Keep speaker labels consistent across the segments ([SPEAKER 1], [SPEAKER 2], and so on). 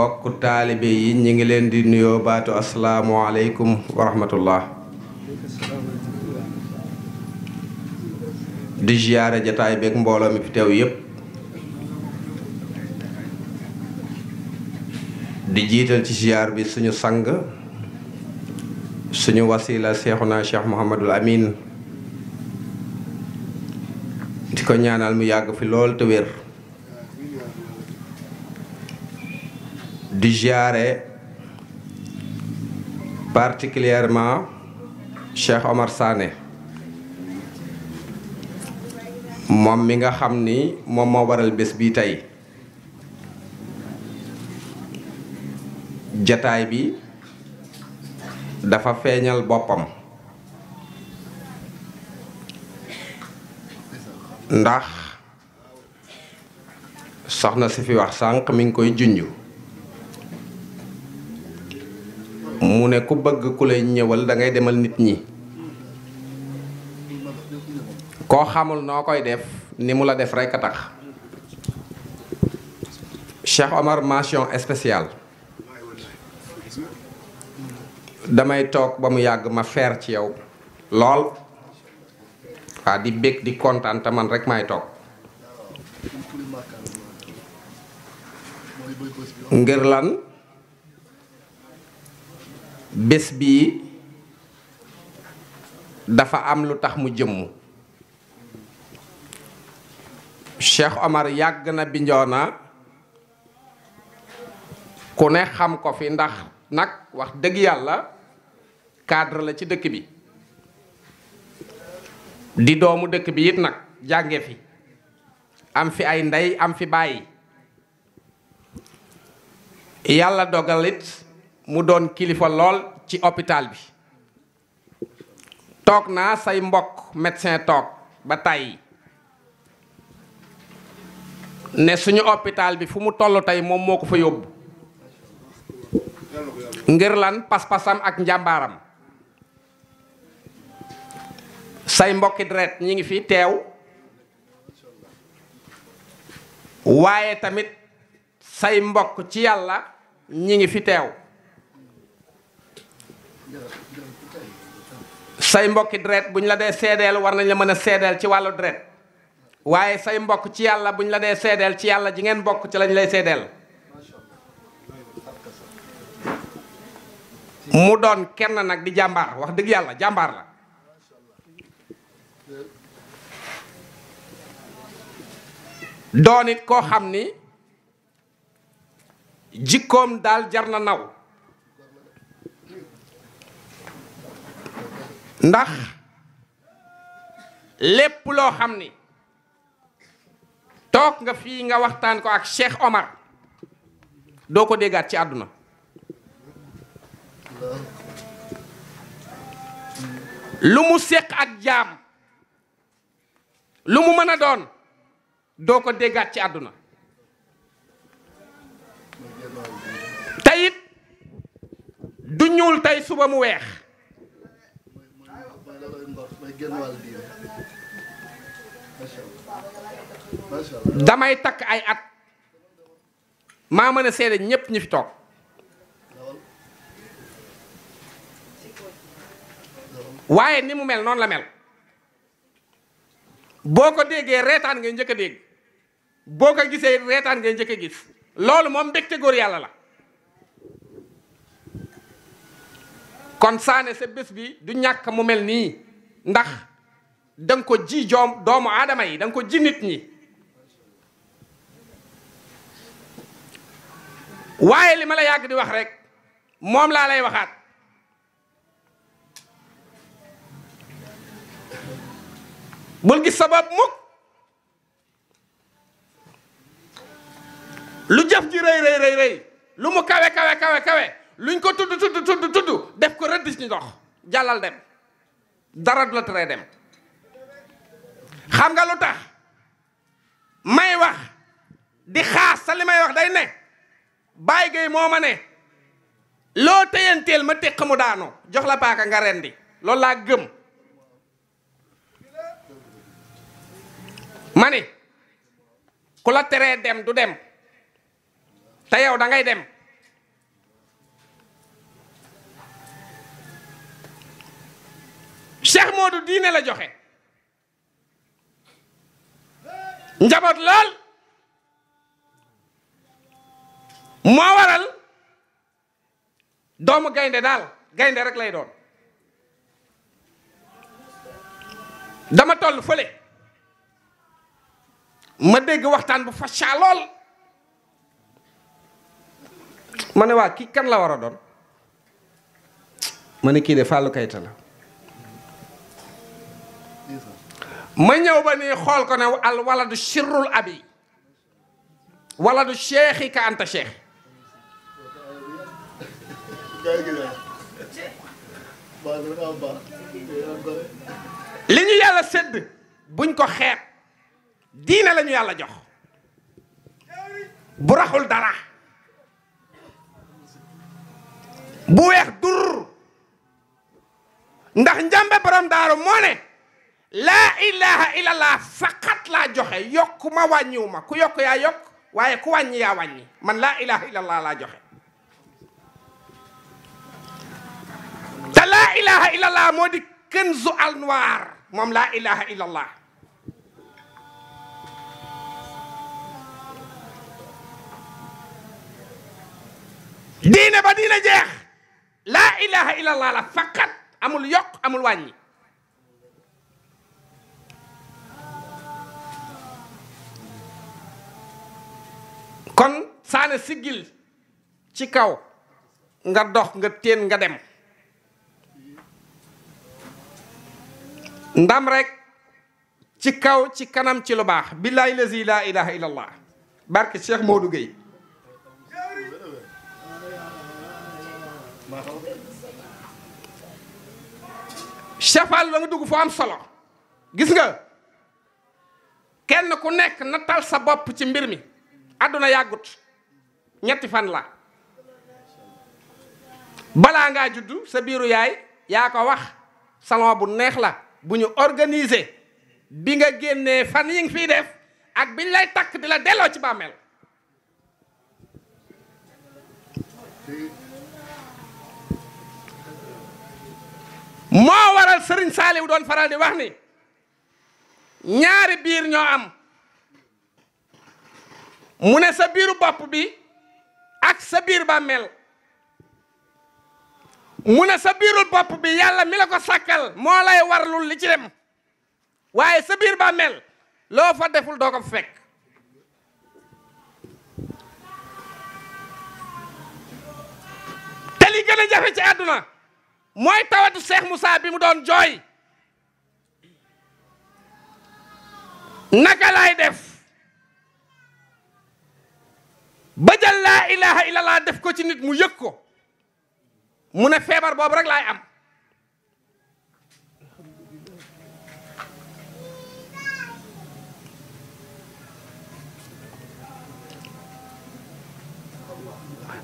[SPEAKER 1] mbokk taalibe yi ñu ngi leen di nuyoo baatu asalaamualeykum wa rahmatullah di ziyaare jataay beeg mbooloo mi fi teew yépp di jiital ci ziyaar bi suñu sang suñu wasila na cheikh Mouhamadul Amin di ko ñaanal mu yàgg fi lool te wér di jare, particulièrement Cheikh Omar Sané mom mi nga xamni mom mo waral bes bi tay jotaay bi dafa feñal bopam ndax soxna wax sank mi ngi koy junjou mu ne ku bëgg ku lay ñëwal da ngay demal nit ñi ko xamul noo koy def ni mu la def rek tax Cheikh Omar mention spécial damay tok ba mu yag ma fer ci yow lol fa di bég di kontaan man rek may tok ngir lan bés bii dafa am lu tax mu jëmmu Cheikh Omar yàgg na Bignona ku ne xam ko fi ndax nag wax dëgg yàlla cadre la ci dëkk bi di doomu dëkk bi it nag jànge fi am fi ay ndey am fi bàyyi yàlla dogalit mu doon kilifa lool ci hôpital bi Tok na say mbokk médecin toog ba tàyyi ne suñu hôpital bi fu mu toll tey moom moo fa yóbbu ngir lan pas-pasam ak njàmbaaram say mbokki dret ñi ngi fi teew waaye tamit say mbokk ci yàlla ñi ngi fi teew say mbokki deret buñ la dé sédel war nañ la mëna sédel ci walu deret waaye say mbokk ci yalla buñ la dé sédel ci yalla ji ngeen bokk ci lañ lay sédel mu doon kenn nak di jambar wax deug yalla jambar la donit ko xamni ni jarna naw ndax lépp loo xam ni toog nga fii nga waxtaan ko ak Cheikh Omar doo ko déggaat ci àdduna lu mu séq ak jaam lu mu mën a doon doo ko déggaat ci àdduna tayit du ñuul tay suba mu weex damay takk ay at maa mën a seede ñépp ñu fi toog waaye ni mu mel noon la mel boo ko déggee reetaan ngay njëkk a dégg boo ko gisee reetaan ngay njëkk gis loolu moom mbégte góor yàlla la kon saane sa bés bi du ñàkk mu mel nii ndax dang ko ji joom doomu aadama yi da ko ji nit ñi waaye li ma la yàgg di wax rek moom laa lay waxaat bul gis sabab mukk lu jaf ji rëy rëy rëy lu mu kawe kawe kawe luñ ko tudd tudd tudd def ko rëdd ci ndox jàllal dem dara du la teree dem xam nga lu tax may wax di xaas sa li may wax day ne bàyyi gay moo ma ne loo téyanteel ma téq mu daanoo jox la paaka nga rendi loolu laa gëm ma ku la teree dem du dem te yow da ngay dem Cheikh Modou diine la joxe njaboot lool moo waral doomu gaynde daal gaynde rek lay doon dama toll fële ma dégg waxtaan bu facha lool ma ne waa kii kan la war a doon ma ne kii de Fallou Keita la من يوم بني خالقنا الولد الشر الأبي ولد الشيخ كأنت شيخ لن يالا سد بنكو خير دين لن يلا جو براخ الدرا بويخ دور ndax njambe borom daaro mo laa ilaha illallah faqat laa joxe yokkuma wàññiwuma ku yokk yaa yokk waaye ku wàññi yaa wàññi man laa ilaha illallah laa joxe te laa ilaha illallah moo di kënzu al noir moom laa ilaha illallah diine ba diina jeex laa ilaha illallah la faqat amul yokk amul wàññi saane siggil ci kaw nga dox nga téen nga dem ndam rekk ci kaw ci kanam ci lu baax billahi lazi la ilaha barke Cheikh Modou Gueye Cheikh Fall la nga dugg foo am solo gis nga kenn ku nekk nattal sa bopp ci mbir mi àdduna yàggut ñetti fan la bala nga juddu sa biiru yaay ya ko wax salon bu neex la buñu organiser bi nga genné fan yi ngi fi def ak biñ lay tak di la ci bàmmeel mo waral serigne Saaliw doon faral di wax ni ñaari biir ño am mune sa biiru bop bi ak sa biir bàmmeel mu ne sa biirul bopp bi yàlla mi la ko sàkkal moo lay warlul li ci dem waaye sa biir bàmmeel loo fa deful doo ko fekk te li gën a jafe ci àdduna moy tawatu Cheikh Moussa bi mu doon jooy naka laay def ba jël laa ilaha illallah def ko ci nit mu yëg ko mu ne feebar boobu rek laay am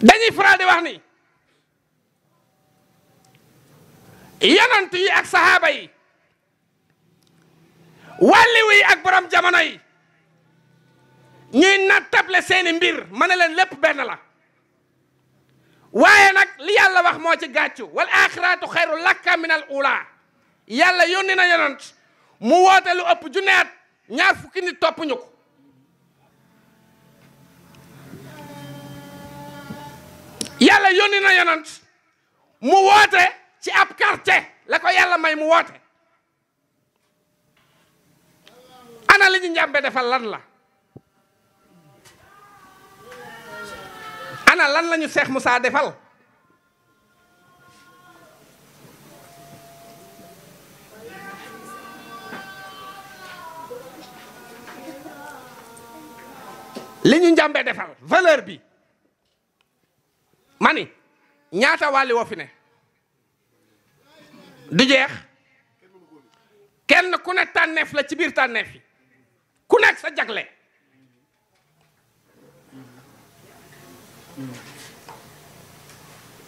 [SPEAKER 1] dañuy faral di wax ni yonent yi ak saxaaba yi wàlliwu yi ak borom jamono yi ñuy nattable seeni mbir ma ne leen lépp benn la waaye nag li yàlla wax moo ci gàccu wal axiratu xayru lakka minal ula yàlla yónni na yonent mu woote lu ëpp junne ñaar fukki topp ñu ko yàlla yónni na yonent mu woote ci ab quartier la ko yàlla may mu woote ana li ñu njàmbe defal lan la ana lan lañu Cheikh Moussa defal li ñu njàmbe defal valeur bi ma ni ñaata wàlli woo ne du jeex kenn ku ne tànneef la ci biir tànneef yi ku nekk sa jagle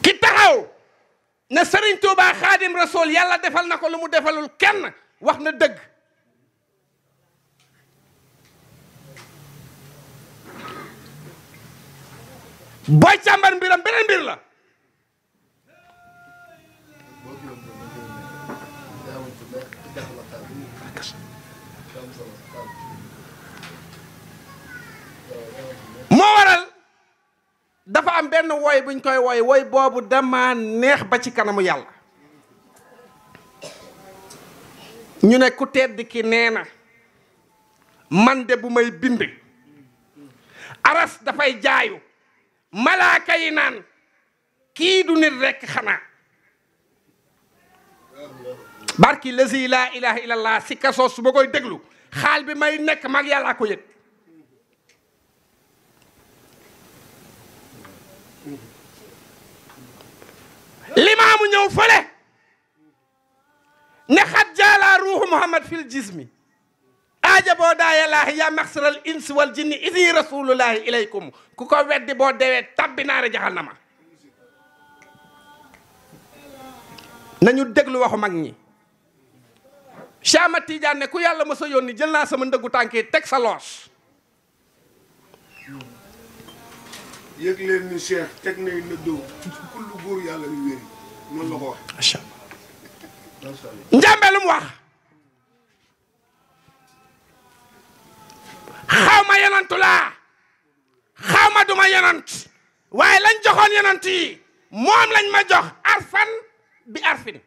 [SPEAKER 1] ki taxaw na Serigne Touba Xaadim Rasool yàlla defal na ko lu mu defalul kenn wax na dëgg booy càmbar mbiram beneen mbir la moo waral dafa am benn woy buñ koy woy woy boobu dama neex ba ci kanamu yàlla ñu ne ku tedd ki nee na man de bu may bind aras dafay jaayu malaaka yi naan kii du nit rekk xanaa barki lazi laa ilaha illallah si kasoos su ma koy déglu xaal bi may nekk mag yàllaa ko yëg limaamu ñëw fële ne xat jaalaa ruuhu muhammad fil jismi aaja boo daaya laahi yaa maxsaral insi jinni idi rasulullahi ilaykum ku ko weddi boo dewee tabbi naare jahannama nañu déglu waxu mag ñi Cheikh Ahmad ne ku yàlla ma sa yónni jël naa sama ndëggu tànk teg sa loos yëg yàlla yu wér wax. macha allah. njàmbe duma yonant waaye lañ joxoon yonant yi moom lañ ma jox arfan bi arfin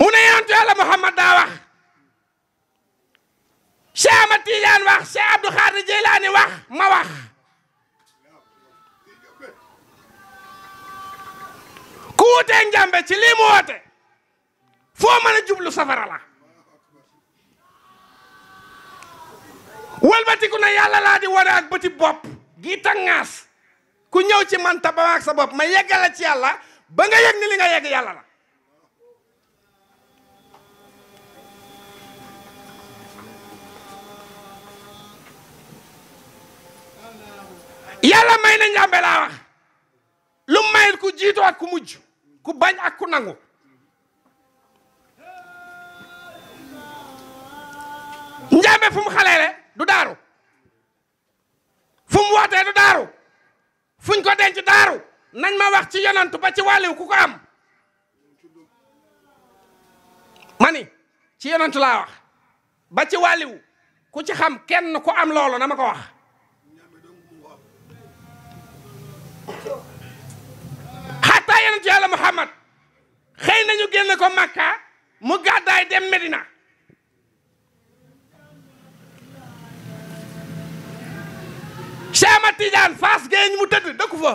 [SPEAKER 1] mu ne yonantu yàlla Muhammad daa wax Tidiane wax Cheikh Abdou Khadir Jeylaani wax ma wax ku wutee ci lii woote foo mën a jublu safara la wëlbatiku na yàlla laa di wane ak bëti bopp gi tangaas ku ñëw ci manta ba ak sa bopp ma yeggala ci yàlla ba nga yëg ni li nga yegg yàlla la yàlla may na njàmbe laa wax lu mayit ku jiitu ak ku mujj ku bañ ak ku nangu njàmbe fu xaleele du daaru fu wootee du daaru fuñ ko denc daaru nañ ma wax ci yonantu ba ci wàlliw ku ko am mani ci yonantu laa wax ba ci wàlliw ku ci xam kenn ku am loolo na ma ko wax Medina Cheikh Ahmad Tidiane Fass mu tëdd dëkku fa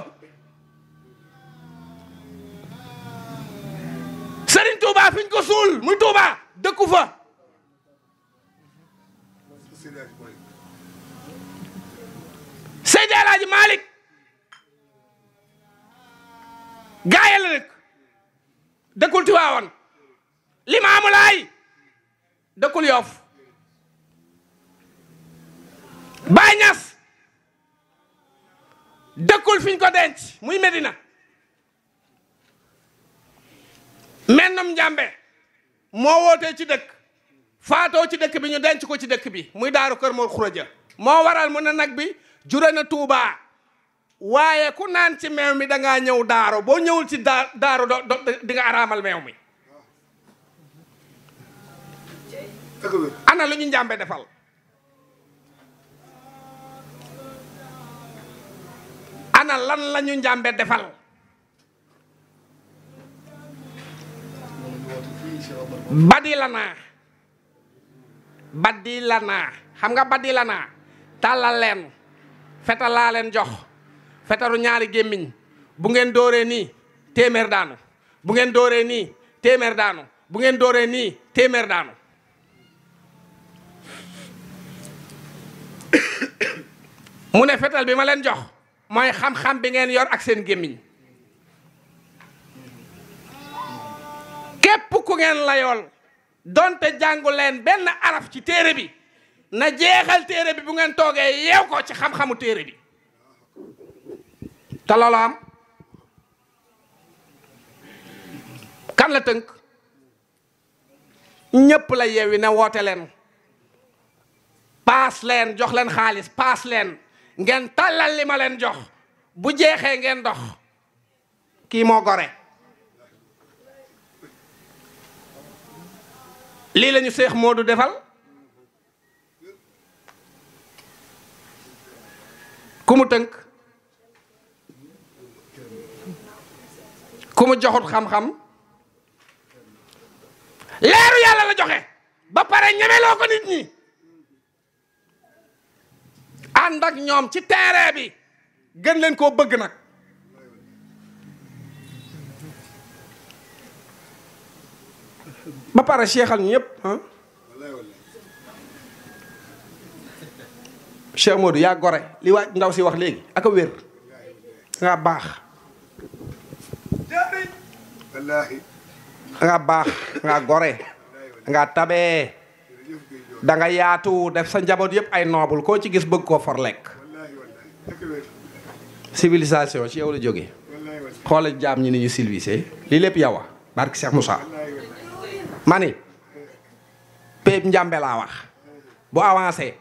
[SPEAKER 1] Serigne Touba fi ñu suul muy Touba dëkku fa Seydi Alaaji Malick gaayal rek dëkkul Tiwaawan Limaamu Laay dëkkul yoof Baay Ñas dëkkul fiñ ko denc muy Medina mennum njàmbe moo wootee ci dëkk faatoo ci dëkk bi ñu denc ko ci dëkk bi muy daaru kër Mor Xuraja moo waral mu na nag bi jure na Tuubaa waaye ku naan ci meew mi da ñëw daaro boo ñëwul ci daaru do di araamal meew mi ana lu ñu njàmbe defal ana lan la ñu njàmbe defal badi la naa badi la xam nga badi la naa tàllal leen fetal laa jox fetaru ñaari gémmiñ bu ngeen dooree nii téeméer daanu bu ngeen dooree nii téeméer daanu bu ngeen dooree nii téeméer daanu mu ne fetal bi ma leen jox mooy xam-xam bi ngeen yor ak seen gémmiñ képp ku ngeen layool donte jàngu leen benn araf ci téere bi na jeexal téere bi bu ngeen toogee yeew ko ci xam-xamu téere bi te loolu kan la tënk ñépp la yeewi na woote leen paas leen jox leen xaalis paas leen ngeen tàllal li ma leen jox bu jeexee ngeen dox kii moo gore lii la ñu moo du defal ku mu tënk ku mu joxut xam-xam leeru yàlla la joxe ba pare ñemeloo ko nit ñi ànd ak ñoom ci terrain bi gën leen koo bëgg nag ba pare seexal ñu ñëpp ah. yaa gore li waaj ndaw si wax léegi ak a wér baax nga baax nga gore nga tabee da nga yaatu def sa njabot yep ay noble ko ci gis bëgg ko for lek civilisation ci yow la jóge xolal jam ñi ni ñu civilisé li lepp yawa bark Cheikh Moussa mané pep Njambe la wax bu avancé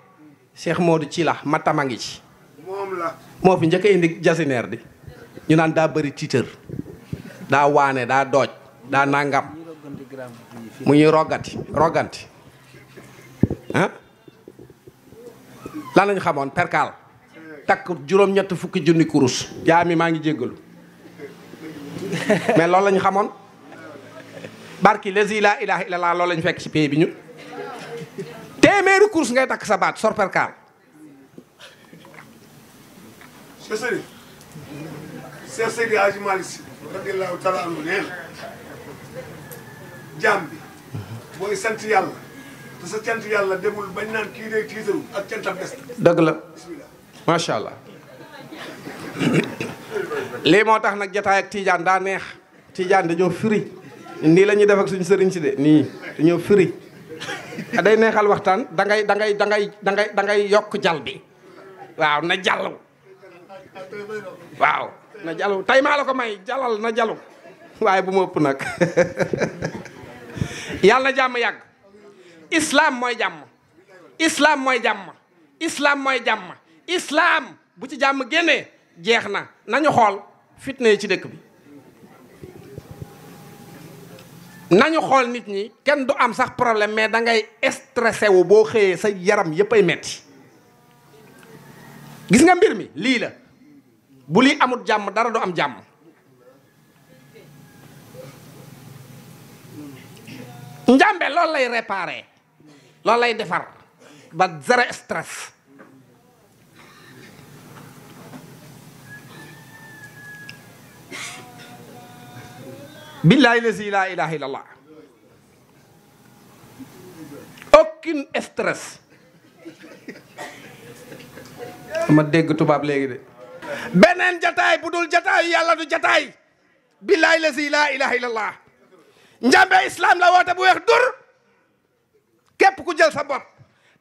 [SPEAKER 1] Cheikh Modou ci la matama ngi ci mo fi njëkk indi jasineer di ñu nan da bari titeur da wané da doj da nangam mu ah lan lañ xamoon perkaal takk juróom-ñett fukki junni kurus yaa mi maa ngi jéggalu mais loolu lañ xamoon barki lesi laa ilaha illallah loolu lañ fekk ci pays bi ñun téeméeri kurus ngay takk sa baat sor perkaal jaam bi booy sant yàlla sa cant yàlla demul bañ kii dee tiitaru ak cantam des dëgg la macha allah lii moo tax nag jataay ak tiijaan daa neex tiijaan dañoo firi nii la ñuy def ak suñu sëriñ si de nii dañoo firi ah, day neexal waxtaan dangay dangay dangay dangay dangay ngay da ngay da ngay yokk jal bi waaw na jàll waaw na jalu tey la ko may jalal na jalu waaye bu ma ëpp nag yàlla na jàmm yàgg islam mooy jàmm islam mooy jàmm islaam mooy jàmm islaam bu ci jàmm génnee jeex na nañu xool fitna yi ci dëkk bi nañu xool nit ñi kenn du am sax problème mais dangay ngay boo xëyee sa yaram yépp ay metti gis nga mbir mi lii la bu lii amul jàmm dara du am jàmm njàmbe loolu lay réparer loolu lay defar ba zéro stress billahi lazi la ilaha illallah aucune stress ma dégg tubaab léegi de beneen jataay bu dul jataay yàlla du jataay billahi lazi la ilaha illallah njambe islam la woote bu weex dur képp ku jël sa bopp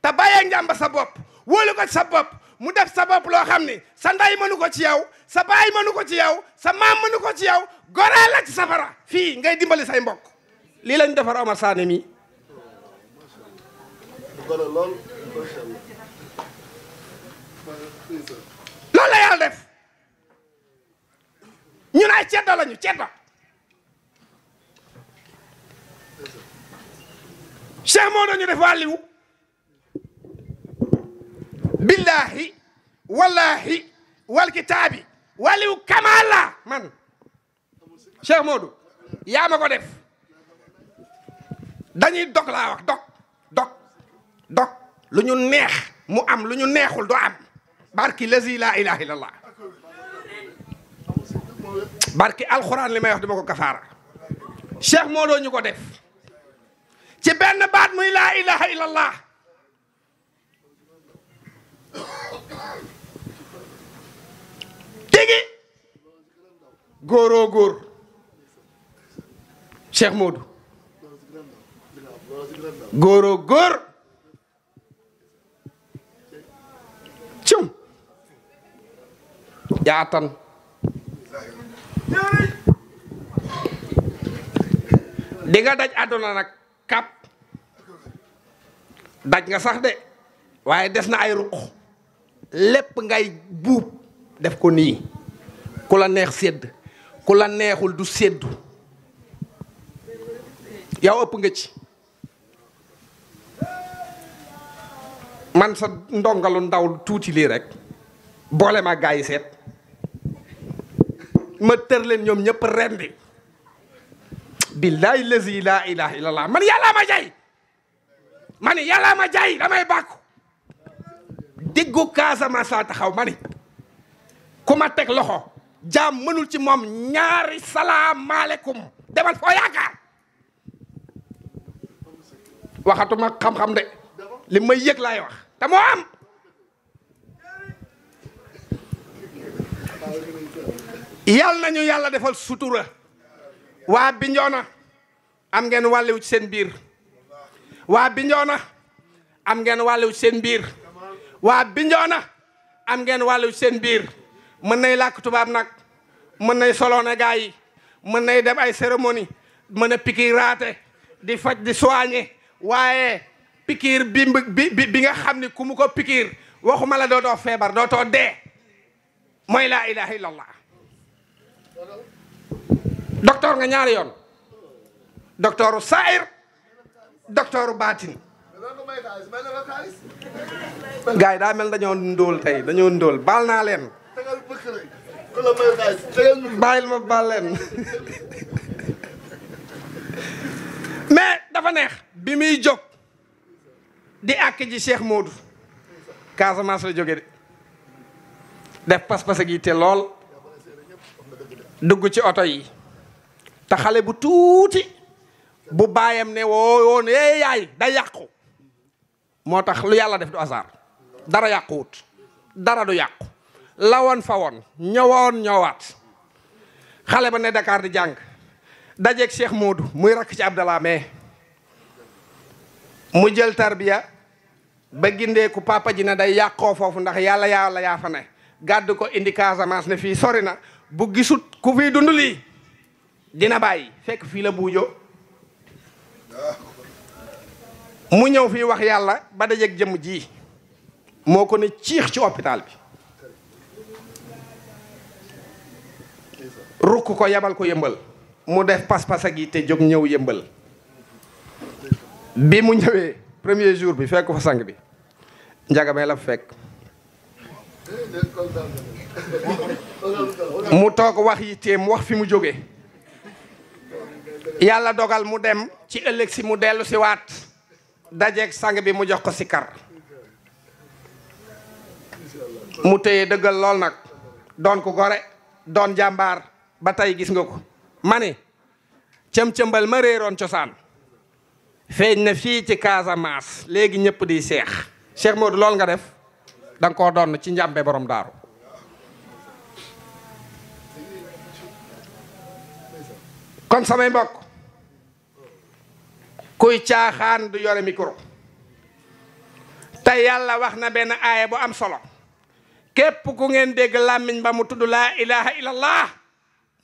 [SPEAKER 1] te bàyyee njàmba sa bopp wóolu ko sa bopp mu def sa bopp loo xam ni sa nday mënu ko ci yow sa baay mënu ci yaw sa maam mënu ko ci yow goree la ci safara fii ngay dimbali say mbokk lii lañ defar Omar Sané mi loolu la yàlla def ñun ay ceddo lañu ceddo cheikh moo doon ñu def wàlliwu billaahi wallaahi wal kitaabi wàlliwu kamaal laa man cheikh Modou yaa ma ko def dañuy dog laa wax dog dog dog lu ñu neex mu am lu ñu neexul doo am barki lazi laa ilaha illallah barki alxuraan li may wax duma ko kafaara cheikh Modou ñu ko def ci benn baat muy laa ilaha illallah tegi góoroo góor Cheikh Modou góoroo góor cum yaatan di nga daj àdduna nag kap daj nga sax de waaye des na ay ruq lépp ngay buub def ko nii ku la neex sedd ku la neexul du seddu yow ëpp nga ci man sa ndongalu ndaw tuuti lii rek boole ma gaa yi seet ma tër leen ñoom ñëpp rendi billahi lazi la ilaha illallah man laa ma jay ma ni yàllaa ma jaay damay bàkku déggu Casamance laa taxaw ma ni ku ma teg loxo jaam mënul ci moom ñaari salaamaaleykum demal foo yaakaar waxatuma xam-xam de li may yëg laay wax te moo am yàlla nañu yàlla defal sutura waa Bignona am ngeen wàlliwu ci seen biir waa Bignona am ngeen wàllu seen biir waa Bignona am ngeen wàllu seen biir mën nay lakk tubaab nag mën nay soloone gaa yi mën nay dem ay cérémonie mën a pikiir raate di faj di soigné waaye pikiir bi bi bi nga xam ni ku mu ko pikiir waxuma la dootoo feebar dootoo dee mooy laa ilaha illallah nga ñaari yoon docteur sair docteur baatin gars yi daa mel dañoo ndóol tey dañoo ndóol baal naa leen bàyyil ma baal leen mais dafa neex bi muy jóg di àkk ji Cheikh Modou Casamance la jóge de def pas-pas gi te lool dugg ci oto yi te xale bu tuuti bu baayam ne woo woon eh yaay day yàqu moo tax lu yàlla def du hasard dara yàquwut dara du yàqu lawoon fa woon ñëwoon ñëwaat xale ba ne Dakar di jàng dajeeg Cheikh moodu muy rakk ci Abdallah mu jël tarbiya ba gindee ku papa ji na day yàqoo foofu ndax yàlla yàlla yaafa ne gàdd ko indi Casamance ne fii sori na bu gisut ku fiy dund lii dina bàyyi fekk fii la buujoo mu ñëw fii wax yàlla ba dajeeg jëmm ji moo ko ne ciix ci hôpital bi rukk ko yabal ko yëmbal mu def pas-pas yi te jóg ñëw yëmbal bi mu ñëwee premier jour bi fekk fa sang bi njagamee la fekk mu toog wax yi mu wax fi mu jóge yàlla dogal mu dem ci ëllëg si mu dellu si waat dajeeg sang bi mu jox ko ci kar mu téye dëggal lool nag doon ko gore doon jàmbaar ba tey gis nga ko ma ni cëm-cëmbal ma réeroon cosaan feeñ na fii ci Casamance léegi ñëpp di seex Cheikh Modou loolu nga def da ko koo doon ci njàmbe boroom daaru kon samay mbokk kuy caaxaan du yore micro te yàlla wax na benn aaya bu am solo képp ku ngeen dégg làmmiñ ba mu tudd laa ilaha illallah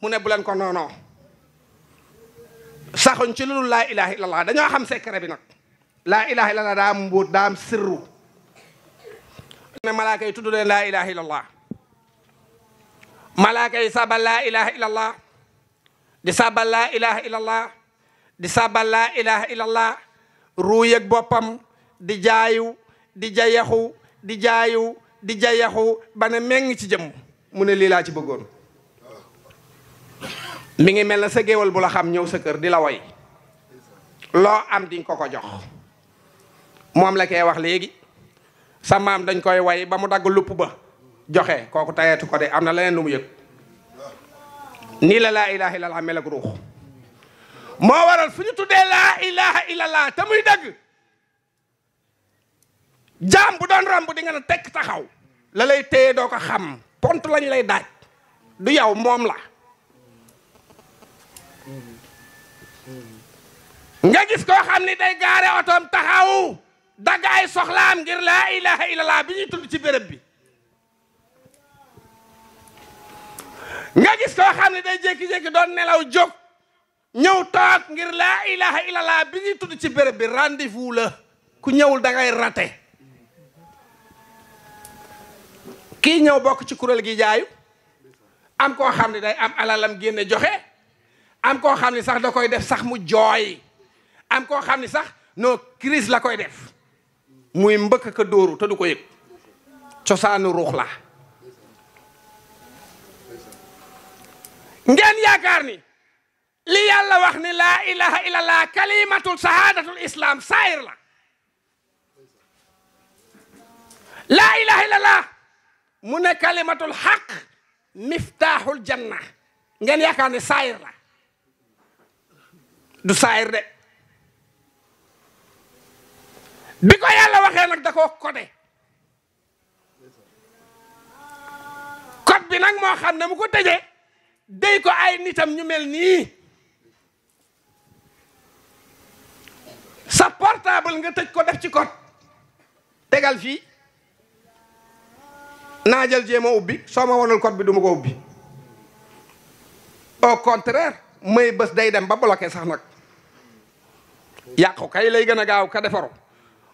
[SPEAKER 1] mu ne bu leen ko noonoo saxuñ ci lu laa ilaha dañoo xam secret bi nag la ilaha illallah daa am mbuut daa am sirru ne malaaka yi tudd leen la ilaha malaaka yi sabal laa ilaha di sabal laa ilaha di sabal la ilaha illallah ak bopam di jaayu di jayaxu di jaayu di jayaxu bana meng ci jëm mune li la ci bëggoon mi ngi mel sa géwal bu la xam ñew sa kër di la way lo am diñ ko ko jox mom la kay wax legi sa mam dañ koy way ba mu dag lupp ba joxe koku tayetu ko de amna leneen lu mu yek ni la la ilaha illallah melak ruh moo waral fu ñu tuddee laa ilaha illallah te muy dëgg jaam bu doon romb di nga ne tekk taxaw la lay téye doo ko xam pont lañu lay daaj du yow moom la nga gis koo xam ni day gaare otoom taxaw dagg ay soxlaam ngir laa ilaha illallah bi ñuy tudd ci béréb bi nga gis koo xam ni day jékki-jékki doon nelaw jóg ñëw toog ngir laa ilaha illallah bi ñuy tudd ci béréb bi rendez-vous la ku ñëwul da ngay raté kii ñëw bokk ci kuréel gi jaayu am koo xam ne day am alalam génne joxe am koo xam ne sax da koy def sax mu jooy am koo xam ne sax non crise la koy def muy mbëkk ka dóoru te du ko yëg cosaanu ruux la ngeen yaakaar ni li yàlla wax ni laa ilaha illallah kalimatul sahadatul islam saayir la laa ilaha mu ne kalimatul xaq miftaaxul janna ngeen yaakaar ne saayir la du saayir de bi ko yàlla waxee nag da koo codé bi nag moo xam ne mu ko tëjee day ko ay nitam ñu mel nii sa portable nga tëj ko def ci code tegal fii naajal jël jéem ubbi soo ma wonul code bi du ma ko ubbi au contraire may bés day dem ba bloqué sax nag yàqu kay lay gën a gaaw ka defaru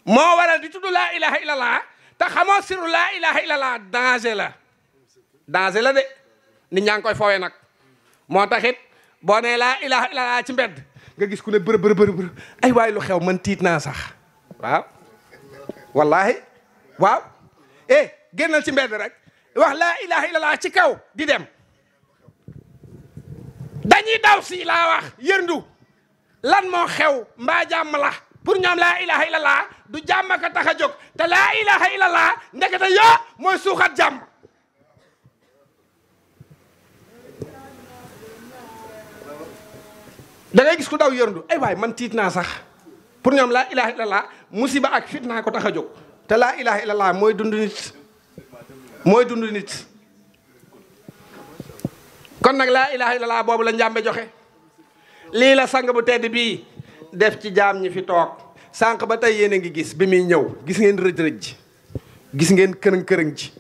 [SPEAKER 1] moo waral di tudd laa ilaha illallah te xamoo siru laa ilaha illallah danger la danger la de nit ñaa ngi koy foowe nag moo taxit boo nee laa ilaha illallah ci mbedd nga gis ku ne bërë bërë bërë bërë ay waay lu xew man tiit naa sax waaw wallaahi waaw eh génnal ci mbedd rek wax laa ilaha illallah ci kaw di dem dañuy daw si laa wax yërndu lan moo xew mbaa jàmm la pour ñoom laa ilaha illallah du jàmm ka tax a jóg te laa ilaha illallah ndekete yoo mooy suuxat jàmm da gis ku daw yërndu ay waay man tiit naa sax pour ñoom laa ilaha illallah musiba ak fitna ko tax a jóg te laa ilaha illallah mooy dund nit mooy dund nit kon nag laa ilaha illallah boobu la njàmbe joxe lii la sang bu tedd bii def ci jaam ñi fi toog sànq ba tey yéen a ngi gis bi muy ñëw gis ngeen rëj-rëj ji gis ngeen kërëng-kërëng ji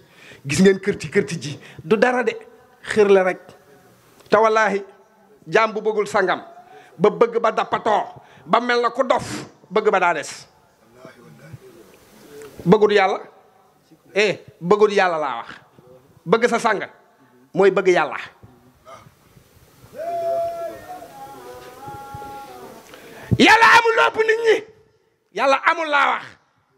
[SPEAKER 1] gis ngeen kërti kërti ji du dara de xiir la rek te wallaahi jaam bu bëggul sangam ba bëgg ba dappatoo ba mel na ku dof bëgg ba daa des bëggul yàlla eh bëggul yàlla laa wax bëgg sa sàng mooy bëgg yàlla yàlla amul lu ëpp nit ñi yàlla amul laa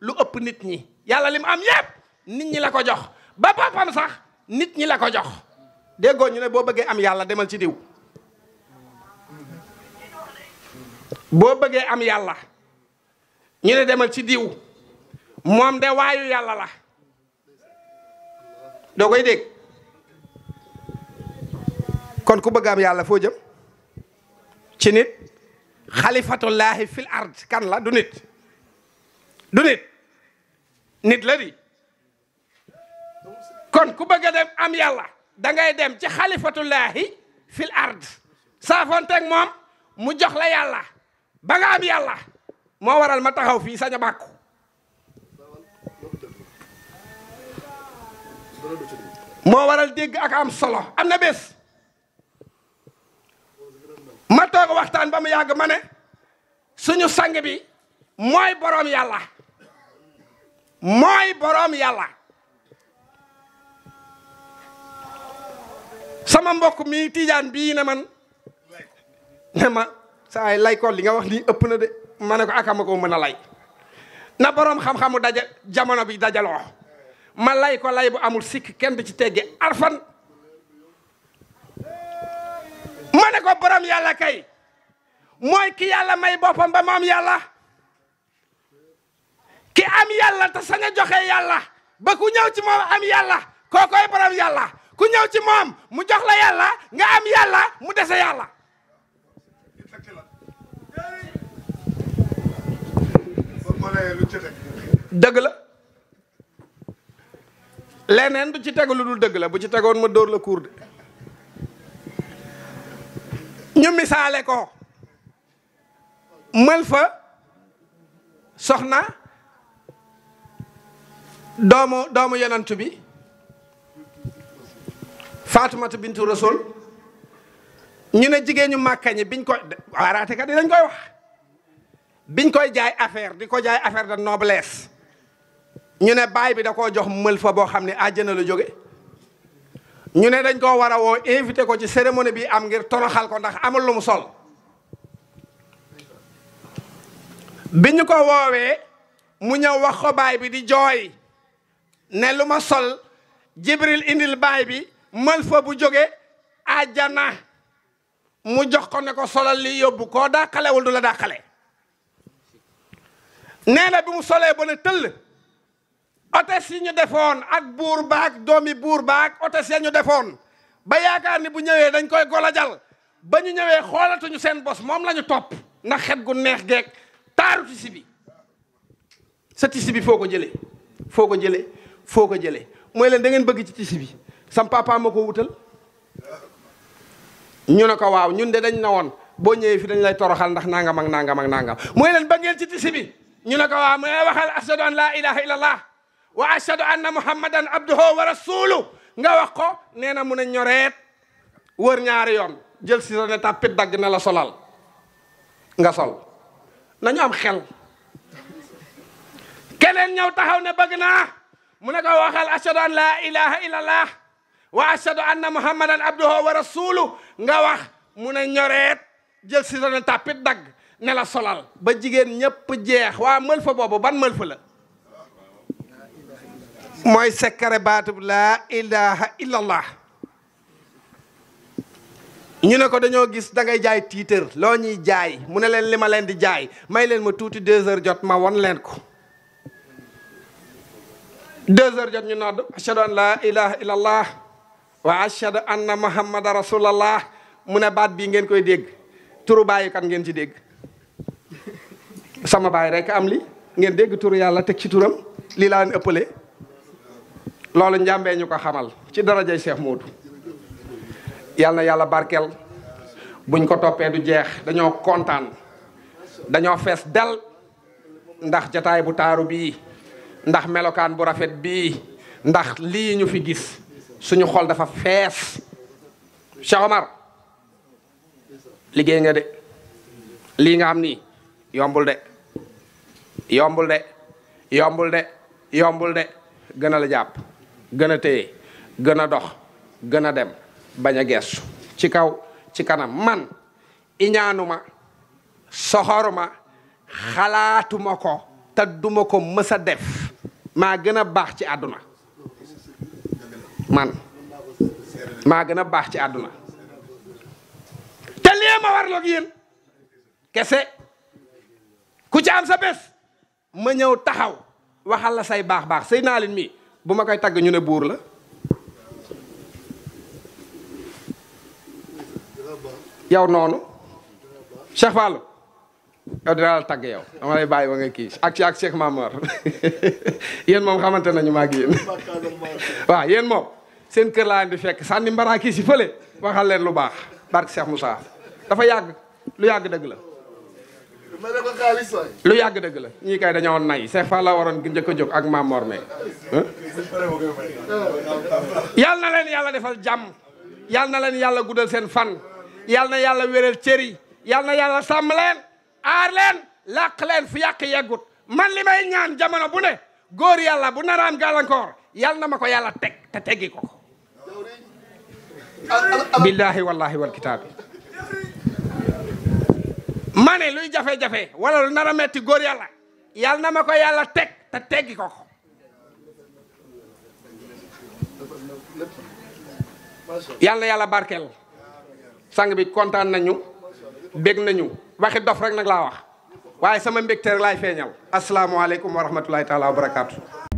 [SPEAKER 1] lu ëpp nit ñi yàlla li mu am yépp nit ñi la ko jox ba boppam sax nit ñi la ko jox déggoo ñu ne boo bëggee am yàlla demal ci diw boo bëggee am yàlla ñu ne demal ci diw moom de waayu yàlla la doo koy dégg kon ku bëgg am yàlla foo jëm ci nit xalifatullaahi fil ard kan la du nit du nit nit la di kon ku bëgg a dem am yàlla dangay dem ci xalifatullaahi fil ard saafonteeg moom mu jox la yalla ba nga am yalla mo waral ma taxaw fi saña bakku mo waral deg ak am solo amna bes ma toog waxtan ba yag mané suñu sang bi moy borom yalla moy borom yalla sama mbok mi tidiane bi ne man ne ma saa lay ko li nga wax nii ëpp na de ma ne ko akama ah, ko mën a lay na borom xam-xamu daja jamono bi dajaloo ma lay ko lay bu amul sikk kenn du ci tegge arfan ma ne ko borom yàlla kay mooy ki yàlla may boppam ba maam yàlla ki am yàlla te sañ a joxe yàlla ba ku ñëw ci moom am yàlla kookoy borom yàlla ku ñëw ci moom mu jox la nga am yàlla mu dese yàlla dëgg la leneen du ci tegu lu dul dëgg la bu ci tegoon ma dóor la cour de ñu misaale ko mël fa soxna doomu doomu yonent bi Faatumata bintu Rasul ñu ne jigéen ñu màkka ñi biñ ko waaraate kat yi dañ koy wax biñ koy jaay affaire di ko jaay affaire de noblesse ñu ne baay bi da koo jox mël fa boo xam ne àjjana la jóge ñu ne dañ koo war a woo invité ko ci cérémonie bi am ngir toroxal ko ndax amul lu mu sol bi ñu ko woowee mu ñëw wax ko baay bi di jooy ne lu ma sol jibril indil baay bi mël fa bu jóge àjjana mu jox ko ne ko solal li yóbbu koo dàqalewul du la dàqale nee bi mu solee ba ne tëll otes yi ñu defoon ak buur baak doomi buur baak otes ya ñu defoon ba yaakaar ni bu ñëwee dañ koy golajal ba ñu ñëwee xoolatuñu seen bos moom la ñu topp ndax xet gu neex geeg taaru tisi bi sa tisi bi foo ko jëlee foo ko jëlee foo ko jëlee mooy leen da ngeen bëgg ci tisi bi sam papa ma ko wutal ñu ne ko waaw ñun de dañ na woon boo ñëwee fi dañ lay toroxal ndax nangam ak nangam ak nangam mooy leen ba ngeen ci tisi bi ñu ne ko waa mu ne waxal an laa ilaha illallah wa ashadu anna muhammadan abduhu wa rasulu nga wax ko nee na mu ne ñoreet wër ñaari yoon jël si ne tàppit dagg na la solal nga sol nañu am xel keneen ñëw taxaw ne bëgg naa mu ne ko waxal an laa ilaha illallah wa ashadu anna muhammadan abduhu wa rasulu nga wax mu ne ñoreet jël si ne tàppit dagg ne la solal ba jigéen ñépp jeex waa mël fa boobu ban mël fa la mooy sekkare baatub laa ilaha illallah ñu ne ko dañoo gis dangay jaay tiitër loo ñuy jaay mu ne leen li ma leen di jaay may leen ma tuuti deux heures jot ma won leen ko deux heures jot ñu nodd ashhadu an laa ilaha illallah wa ashhadu anna muhammada rasulallah mu ne baat bii ngeen koy dégg turu bàyyi kan ngeen ci dégg sama baye rek am li ngeen deg turu yalla tek ci turam li la leen eppele lolu njàmbee ñuko xamal ci darajay Cheikh Modou yalla yalla barkel buñ ko topé du jeex daño contane daño fess del ndax jotaay bu taru bi ndax melokan bu rafet bi ndax li ñu fi gis suñu xol dafa fess Cheikh Omar liggéey nga de li nga am ni yombul de yombul de yombul de yombul de gën a la jàpp gën a téye gën a dox gën a dem bañ a geestu ci kaw ci kanam man iñaanuma soxoruma xalaatuma ko te duma ko mës a def maa gën a baax ci àdduna man maa gën a baax ci àdduna te lii ma warloog yéen kese ku ci am sa bés ma ñëw taxaw waxal la say baax baax sëy naa leen mi bu ma koy tagg ñu ne buur la yow noonu Cheikh Fallou yow dinaa la tagg yow dama lay bàyyi ba nga kii ak ci ak Cheikh Mamor yéen moom xamante nañu maa ngi yéen waaw yéen moom seen kër laa leen di fekk sànni mbaraa kii si fële waxal leen lu baax barke Cheikh Moussa dafa yàgg lu yàgg dëgg la lu yag deug la ñi kay dañoo nay Cheikh Fall la waroon njëkk a ak ma mormé yal na leen yalla defal jam yal na leen yalla guddal sen fan yal na yalla wéral cëri yal na yalla sam leen ar leen laq leen fu yàq yeggut man limay ñaan jamono bu ne goor yalla bu naraam galankor yal na mako yalla tek te teggiko billahi wallahi wal kitab. ma ne luy jafe-jafe wala lu nar a metti góor yàlla yàlla na ma ko yàlla teg te teggi ko ko yàlla yàlla barkeel sang bi kontaan nañu bég nañu waxi dof rek nag laa wax waaye sama mbégte rek laay feeñal asalaamualeykum wa rahmatulahi taala wa barakaatu